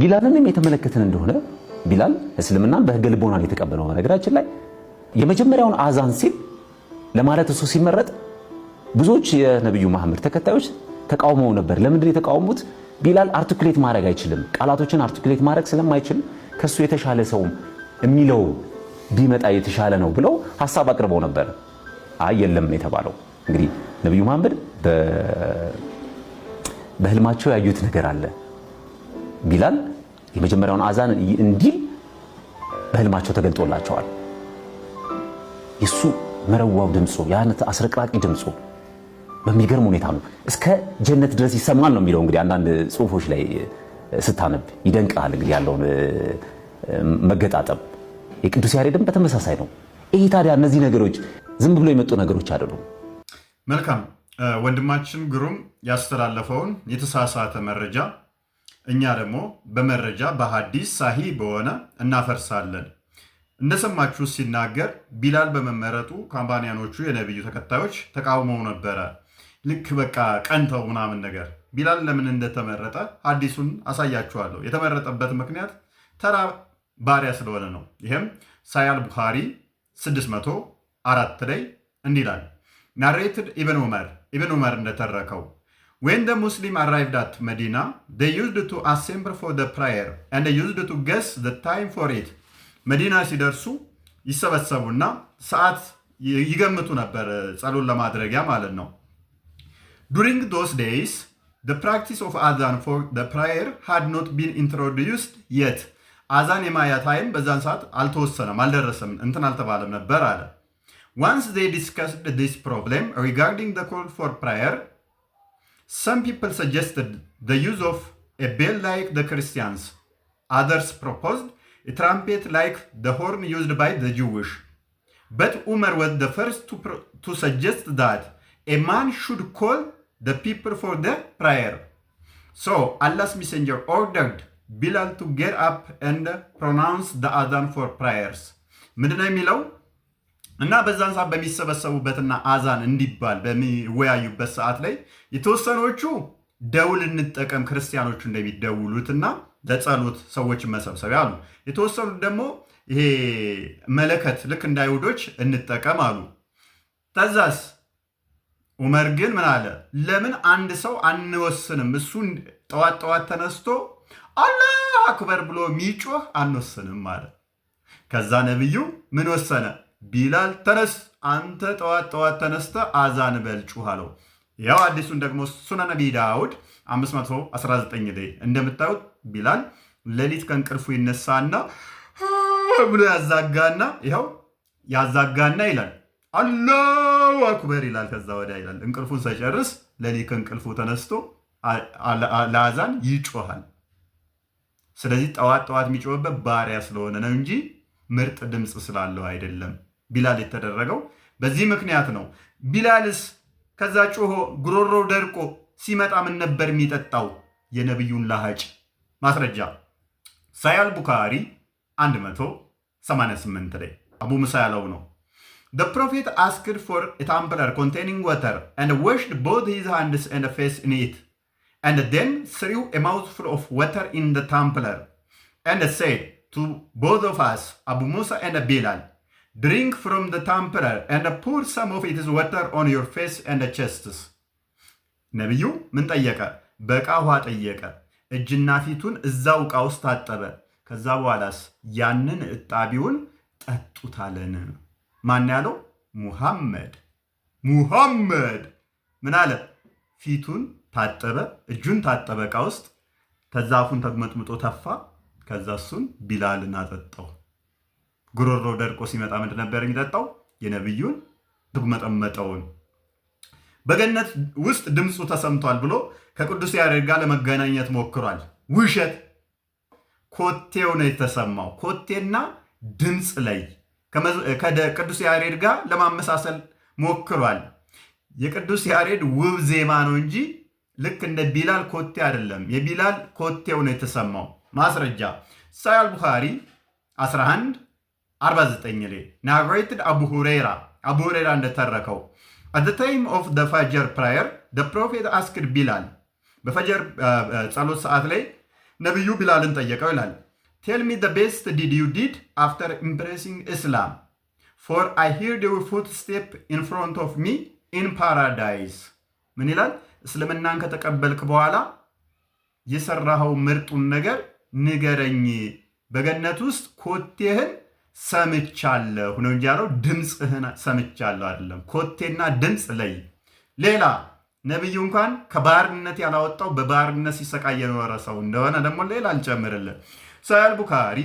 ቢላልንም የተመለከትን እንደሆነ ቢላል እስልምናን በህገ ልቦና የተቀበለው። በነገራችን ላይ የመጀመሪያውን አዛን ሲል ለማለት እሱ ሲመረጥ ብዙዎች የነቢዩ መሐመድ ተከታዮች ተቃውመው ነበር። ለምንድን የተቃወሙት? ቢላል አርቲኩሌት ማድረግ አይችልም፣ ቃላቶችን አርቲኩሌት ማድረግ ስለማይችል ከሱ የተሻለ ሰው የሚለው ቢመጣ የተሻለ ነው ብለው ሀሳብ አቅርበው ነበር። አይ የለም የተባለው እንግዲህ ነቢዩ መሐመድ በህልማቸው ያዩት ነገር አለ ቢላል የመጀመሪያውን አዛን እንዲል በህልማቸው ተገልጦላቸዋል። የሱ መረዋው ድምፁ የአነት አስረቅራቂ ድምፁ በሚገርም ሁኔታ ነው፣ እስከ ጀነት ድረስ ይሰማል ነው የሚለው። እንግዲህ አንዳንድ ጽሁፎች ላይ ስታነብ ይደንቃል። እንግዲህ ያለውን መገጣጠም የቅዱስ ያሬድም በተመሳሳይ ነው። ይሄ ታዲያ እነዚህ ነገሮች ዝም ብሎ የመጡ ነገሮች አይደሉም። መልካም ወንድማችን ግሩም ያስተላለፈውን የተሳሳተ መረጃ እኛ ደግሞ በመረጃ በሀዲስ ሳሂ በሆነ እናፈርሳለን። እንደሰማችሁ ሲናገር ቢላል በመመረጡ ካምፓኒያኖቹ የነቢዩ ተከታዮች ተቃውመው ነበረ። ልክ በቃ ቀንተው ምናምን ነገር። ቢላል ለምን እንደተመረጠ ሀዲሱን አሳያችኋለሁ። የተመረጠበት ምክንያት ተራ ባሪያ ስለሆነ ነው። ይህም ሳያል ቡኻሪ 604 ላይ እንዲላል ናሬትድ ኢብን ዑመር ኢብን ዑመር እንደተረከው When the Muslim arrived at Medina, they used to assemble for the prayer and they used to guess the time for it. መዲና ሲደርሱ ይሰበሰቡና ሰዓት ይገምቱ ነበር፣ ጸሎት ለማድረጊያ ማለት ነው። During those days, the practice of adhan for the prayer had not been introduced yet አዛን የማያ ታይም በዛን ሰዓት አልተወሰነም፣ አልደረሰም፣ እንትን አልተባለም ነበር አለ። once they discussed this problem regarding the call for prayer some people suggested the use of a bell like the Christians. Others proposed a trumpet like the horn used by the Jewish. But Umar was the first to, to suggest that a man should call the people for the prayer. So Allah's messenger ordered Bilal to get up and pronounce the adhan for prayers. ምንድነው የሚለው እና በዛን ሰዓት በሚሰበሰቡበትና አዛን እንዲባል በሚወያዩበት ሰዓት ላይ የተወሰኖቹ ደውል እንጠቀም ክርስቲያኖቹ እንደሚደውሉትና ለጸሎት ሰዎችን መሰብሰቢያ አሉ። የተወሰኑት ደግሞ ይሄ መለከት ልክ እንደ አይሁዶች እንጠቀም አሉ። ተዛስ ዑመር ግን ምን አለ? ለምን አንድ ሰው አንወስንም? እሱ ጠዋት ጠዋት ተነስቶ አላህ አክበር ብሎ ሚጮህ አንወስንም ማለት። ከዛ ነብዩ ምን ወሰነ? ቢላል ተነስ አንተ ጠዋት ጠዋት ተነስተ አዛን በል ጩህ አለው። ያው አዲሱን ደግሞ ሱነ ነቢ ዳውድ 519 ላይ እንደምታዩት ቢላል ሌሊት ከእንቅልፉ ይነሳና ብሎ ያዛጋና ይኸው ያዛጋና ይላል አላሁ አክበር ይላል። ከዛ ወዲያ ይላል እንቅልፉን ሳይጨርስ ሌሊት ከእንቅልፉ ተነስቶ ለአዛን ይጮሃል። ስለዚህ ጠዋት ጠዋት የሚጮህበት ባሪያ ስለሆነ ነው እንጂ ምርጥ ድምፅ ስላለው አይደለም። ቢላል የተደረገው በዚህ ምክንያት ነው። ቢላልስ ከዛ ጮሆ ጉሮሮው ደርቆ ሲመጣ ምን ነበር የሚጠጣው? የነቢዩን ላሃጭ ማስረጃ ሳያል ቡካሪ 188 ላይ አቡ ሙሳ ያለው ነው። The prophet asked for a tumbler containing water and washed both his hands and face in it and then threw a mouthful of water in the tumbler and said to both of us, Abu Musa and Bilal, Drink from the tamperer and pour some of its water on your face and chests። ነቢዩ ምን ጠየቀ? በዕቃ ውሃ ጠየቀ። እጅና ፊቱን እዛው ዕቃ ውስጥ ታጠበ። ከዛ በኋላስ ያንን እጣቢውን ጠጡታለን። ማን ያለው? ሙሐመድ። ሙሐመድ ምን አለ? ፊቱን ታጠበ፣ እጁን ታጠበ ዕቃ ውስጥ ከዛ አፉን ተግመጥምጦ ተፋ። ከዛ እሱን ቢላልን አጠጣው። ጉሮሮ ደርቆ ሲመጣ ምንድን ነበር የሚጠጣው? የነቢዩን ድጉመጠመጠውን። በገነት ውስጥ ድምፁ ተሰምቷል ብሎ ከቅዱስ ያሬድ ጋር ለመገናኘት ሞክሯል። ውሸት። ኮቴው ነው የተሰማው። ኮቴና ድምፅ ላይ ከቅዱስ ያሬድ ጋር ለማመሳሰል ሞክሯል። የቅዱስ ያሬድ ውብ ዜማ ነው እንጂ ልክ እንደ ቢላል ኮቴ አይደለም። የቢላል ኮቴው ነው የተሰማው። ማስረጃ ሳያል ቡኻሪ 11 49 ላይ ናሬትድ አቡ ሁሬራ አቡ ሁሬራ እንደተረከው አት ታይም ኦፍ ዘ ፈጀር ፕራየር ዘ ፕሮፌት አስክድ ቢላል በፈጀር ጸሎት ሰዓት ላይ ነቢዩ ቢላልን ጠየቀው ይላል ቴል ሚ ዘ ቤስት ዲድ ዩ ዲድ አፍተር ኢምፕሬሲንግ ኢስላም ፎር አይ ሂር ዩር ፉት ስቴፕ ኢን ፍሮንት ኦፍ ሚ ኢን ፓራዳይስ ምን ይላል እስልምናን ከተቀበልክ በኋላ የሰራኸው ምርጡን ነገር ንገረኝ በገነት ውስጥ ኮቴህን ሰምቻለሁ ነው እንጂ ያለው ድምፅህን ሰምቻለሁ አይደለም። ኮቴና ድምፅ ለይ። ሌላ ነቢዩ እንኳን ከባርነት ያላወጣው በባርነት ሲሰቃይ የኖረ ሰው እንደሆነ ደግሞ ሌላ አልጨምርልን። ሰል ቡካሪ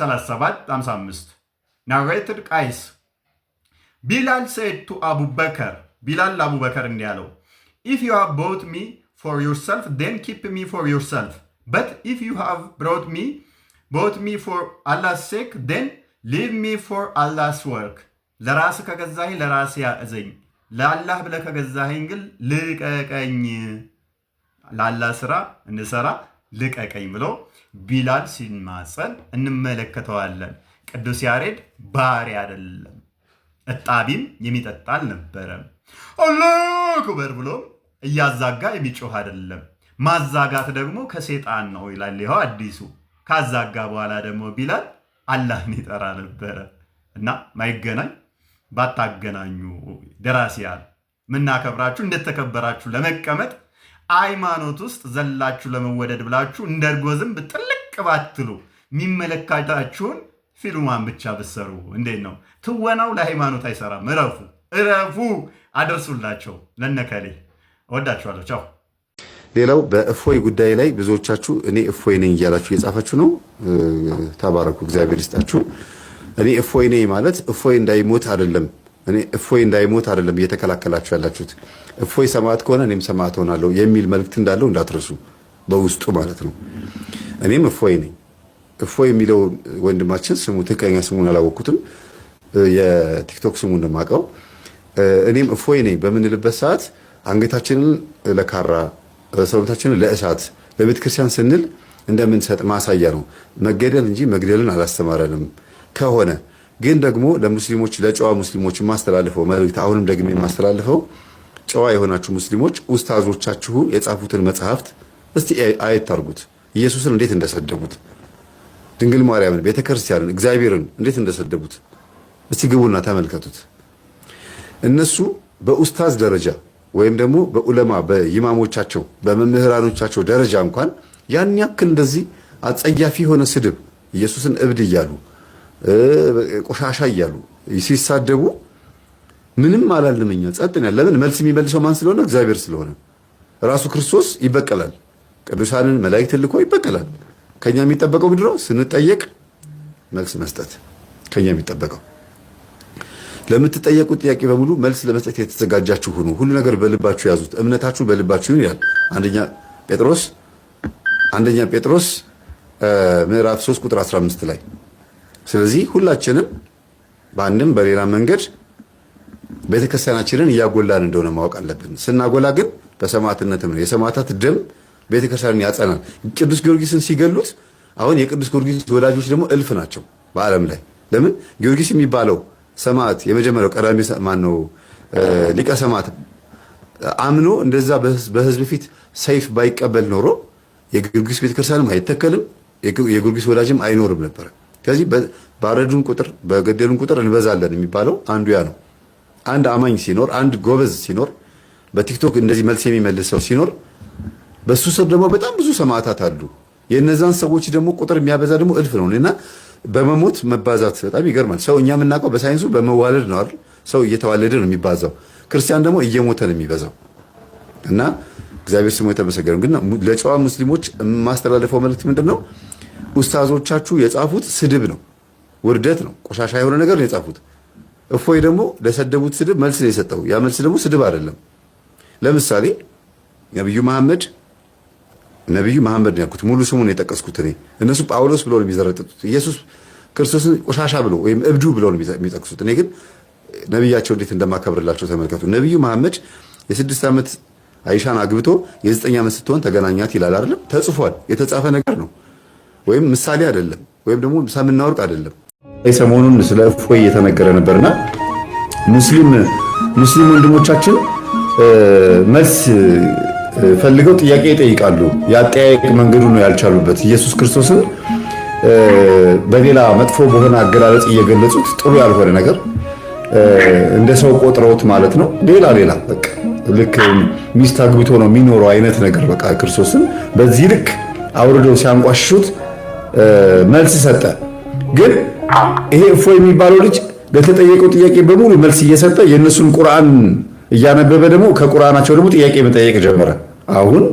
3755 ናሬትድ ቃይስ ቢላል ሴድ ቱ አቡበከር ቢላል ለአቡበከር እንዲህ ያለው ኢፍ ዩ ሃቭ ቦት ሚ ፎር ዩርሰልፍ ዴን ኪፕ ሚ ፎር ዩርሰልፍ በት ኢፍ ዩ ሃቭ ብሮት ሚ ቦት ሚ ፎር አላስ ሴክ ዴን ሊቭ ሚ ፎር አላስ ወርክ። ለራስ ከገዛኸኝ ለራስ ያዘኝ፣ ለአላህ ብለህ ከገዛኸኝ ግን ልቀቀኝ፣ ለአላህ ስራ እንሰራ ልቀቀኝ ብሎ ቢላል ሲማጸን እንመለከተዋለን። ቅዱስ ያሬድ ባሪ አይደለም፣ እጣቢም የሚጠጣ አልነበረም። አላሁ አክበር ብሎም እያዛጋ የሚጮህ አይደለም። ማዛጋት ደግሞ ከሴጣን ነው ይላል። ይኸው አዲሱ ካዛጋ በኋላ ደግሞ ቢላል አላህን ይጠራ ነበረ እና ማይገናኝ ባታገናኙ ደራሲያን ምናከብራችሁ እንደተከበራችሁ ለመቀመጥ ሃይማኖት ውስጥ ዘላችሁ ለመወደድ ብላችሁ እንደ እርጎ ዝንብ ጥልቅ ባትሉ የሚመለከታችሁን ፊልማን ብቻ ብሰሩ እንዴት ነው? ትወናው ለሃይማኖት አይሰራም። እረፉ እረፉ፣ አደርሱላቸው ለነከሌ። እወዳችኋለሁ። ቻው ሌላው በእፎይ ጉዳይ ላይ ብዙዎቻችሁ እኔ እፎይ ነኝ እያላችሁ እየጻፋችሁ ነው። ተባረኩ፣ እግዚአብሔር ይስጣችሁ። እኔ እፎይ ነኝ ማለት እፎይ እንዳይሞት አይደለም። እኔ እፎይ እንዳይሞት አይደለም እየተከላከላችሁ ያላችሁት። እፎይ ሰማዕት ከሆነ እኔም ሰማዕት ሆናለሁ የሚል መልእክት እንዳለው እንዳትረሱ፣ በውስጡ ማለት ነው። እኔም እፎይ ነኝ። እፎይ የሚለው ወንድማችን ስሙ ትክክለኛ ስሙን አላወቅኩትም፣ የቲክቶክ ስሙ እንደማውቀው እኔም እፎይ ነኝ በምንልበት ሰዓት አንገታችንን ለካራ ሰውነታችንን ለእሳት በቤተ ክርስቲያን ስንል እንደምንሰጥ ማሳያ ነው። መገደል እንጂ መግደልን አላስተማረንም። ከሆነ ግን ደግሞ ለሙስሊሞች ለጨዋ ሙስሊሞች የማስተላልፈው መልክት አሁንም ደግሞ የማስተላልፈው ጨዋ የሆናችሁ ሙስሊሞች ኡስታዞቻችሁ የጻፉትን መጽሐፍት እስቲ አየት ኢየሱስን እንዴት እንደሰደቡት፣ ድንግል ማርያምን፣ ቤተክርስቲያንን እግዚአብሔርን እንዴት እንደሰደቡት እስቲ ግቡና ተመልከቱት። እነሱ በኡስታዝ ደረጃ ወይም ደግሞ በዑለማ በኢማሞቻቸው በመምህራኖቻቸው ደረጃ እንኳን ያን ያክል እንደዚህ አጸያፊ የሆነ ስድብ ኢየሱስን እብድ እያሉ ቆሻሻ እያሉ ሲሳደቡ ምንም አላልንም። እኛ ጸጥ ለምን መልስ የሚመልሰው ማን ስለሆነ? እግዚአብሔር ስለሆነ ራሱ ክርስቶስ ይበቀላል። ቅዱሳንን መላእክት ልኮ ይበቀላል። ከኛ የሚጠበቀው ምድሮ ስንጠየቅ መልስ መስጠት ከኛ የሚጠበቀው ለምትጠየቁት ጥያቄ በሙሉ መልስ ለመስጠት የተዘጋጃችሁ ሁኑ። ሁሉ ነገር በልባችሁ ያዙት፣ እምነታችሁ በልባችሁ ይሁን ይላል አንደኛ ጴጥሮስ አንደኛ ጴጥሮስ ምዕራፍ 3 ቁጥር 15 ላይ። ስለዚህ ሁላችንም በአንድም በሌላ መንገድ ቤተክርስቲያናችንን እያጎላን እንደሆነ ማወቅ አለብን። ስናጎላ ግን በሰማዕትነትም ነው። የሰማዕታት ደም ቤተክርስቲያንን ያጸናል። ቅዱስ ጊዮርጊስን ሲገሉት አሁን የቅዱስ ጊዮርጊስ ወዳጆች ደግሞ እልፍ ናቸው በዓለም ላይ ለምን ጊዮርጊስ የሚባለው ሰማዕት የመጀመሪያው ቀዳሚ ነው? ሊቀ ሰማዕት አምኖ እንደዛ በህዝብ ፊት ሰይፍ ባይቀበል ኖሮ የጊዮርጊስ ቤተክርስቲያንም አይተከልም፣ የጊዮርጊስ ወዳጅም አይኖርም ነበር። ከዚህ ባረዱን ቁጥር በገደሉን ቁጥር እንበዛለን የሚባለው አንዱ ያ ነው። አንድ አማኝ ሲኖር፣ አንድ ጎበዝ ሲኖር፣ በቲክቶክ እንደዚህ መልስ የሚመልስ ሰው ሲኖር፣ በሱ ስር ደግሞ በጣም ብዙ ሰማዕታት አሉ። የእነዛን ሰዎች ደግሞ ቁጥር የሚያበዛ ደግሞ እልፍ ነው እና በመሞት መባዛት በጣም ይገርማል። ሰው እኛ የምናውቀው በሳይንሱ በመዋለድ ነው አይደል? ሰው እየተዋለደ ነው የሚባዛው። ክርስቲያን ደግሞ እየሞተ ነው የሚበዛው። እና እግዚአብሔር ስሙ የተመሰገነ ግን ለጨዋ ሙስሊሞች የማስተላለፈው መልእክት ምንድን ነው? ኡስታዞቻችሁ የጻፉት ስድብ ነው፣ ውርደት ነው፣ ቆሻሻ የሆነ ነገር ነው የጻፉት። እፎይ ደግሞ ለሰደቡት ስድብ መልስ ነው የሰጠው። ያ መልስ ደግሞ ስድብ አይደለም። ለምሳሌ ነብዩ መሐመድ ነቢዩ መሐመድ ነው ያልኩት፣ ሙሉ ስሙን የጠቀስኩት እኔ። እነሱ ጳውሎስ ብሎ ነው የሚዘረጥጡት። ኢየሱስ ክርስቶስን ቆሻሻ ብሎ ወይም እብዱ ብሎ ነው የሚጠቅሱት። እኔ ግን ነቢያቸው እንዴት እንደማከብርላቸው ተመልከቱ። ነቢዩ መሐመድ የስድስት ዓመት አይሻን አግብቶ የዘጠኝ ዓመት ስትሆን ተገናኛት ይላል። አይደለም ተጽፏል። የተጻፈ ነገር ነው ወይም ምሳሌ አይደለም፣ ወይም ደግሞ ሰምና ወርቅ አይደለም። ሰሞኑን ስለ እፎይ እየተነገረ ነበርና ሙስሊም ሙስሊም ወንድሞቻችን መልስ ፈልገው ጥያቄ ይጠይቃሉ። የአጠያየቅ መንገዱ ነው ያልቻሉበት። ኢየሱስ ክርስቶስ በሌላ መጥፎ በሆነ አገላለጽ እየገለጹት ጥሩ ያልሆነ ነገር እንደ ሰው ቆጥረውት ማለት ነው። ሌላ ሌላ በቃ ልክ ሚስት አግብቶ ነው የሚኖረው አይነት ነገር በቃ ክርስቶስን በዚህ ልክ አውርደው ሲያንቋሽሹት መልስ ሰጠ። ግን ይሄ እፎ የሚባለው ልጅ ለተጠየቀው ጥያቄ በሙሉ መልስ እየሰጠ የእነሱን ቁርአን እያነበበ ደግሞ ከቁርአናቸው ደግሞ ጥያቄ መጠየቅ ጀመረ። አሁን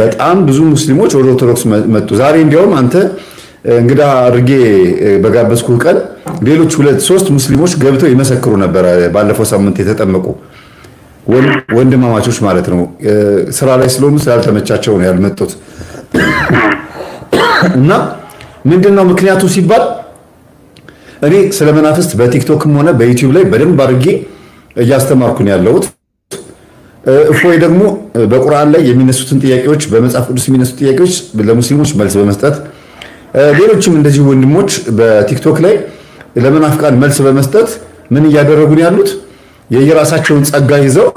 በጣም ብዙ ሙስሊሞች ወደ ኦርቶዶክስ መጡ። ዛሬ እንዲያውም አንተ እንግዳ አድርጌ በጋበዝኩ ቀን ሌሎች ሁለት ሶስት ሙስሊሞች ገብተው ይመሰክሩ ነበር። ባለፈው ሳምንት የተጠመቁ ወንድማማቾች ማለት ነው። ስራ ላይ ስለሆኑ ስላልተመቻቸው ነው ያልመጡት። እና ምንድነው ምክንያቱ ሲባል እኔ ስለ መናፍስት በቲክቶክም ሆነ በዩቲዩብ ላይ በደንብ አድርጌ እያስተማርኩን ያለሁት። እፎይ ደግሞ በቁርአን ላይ የሚነሱትን ጥያቄዎች በመጽሐፍ ቅዱስ የሚነሱ ጥያቄዎች ለሙስሊሞች መልስ በመስጠት ሌሎችም እንደዚህ ወንድሞች በቲክቶክ ላይ ለመናፍቃን መልስ በመስጠት ምን ነው ያሉት የየራሳቸውን ጸጋ ይዘው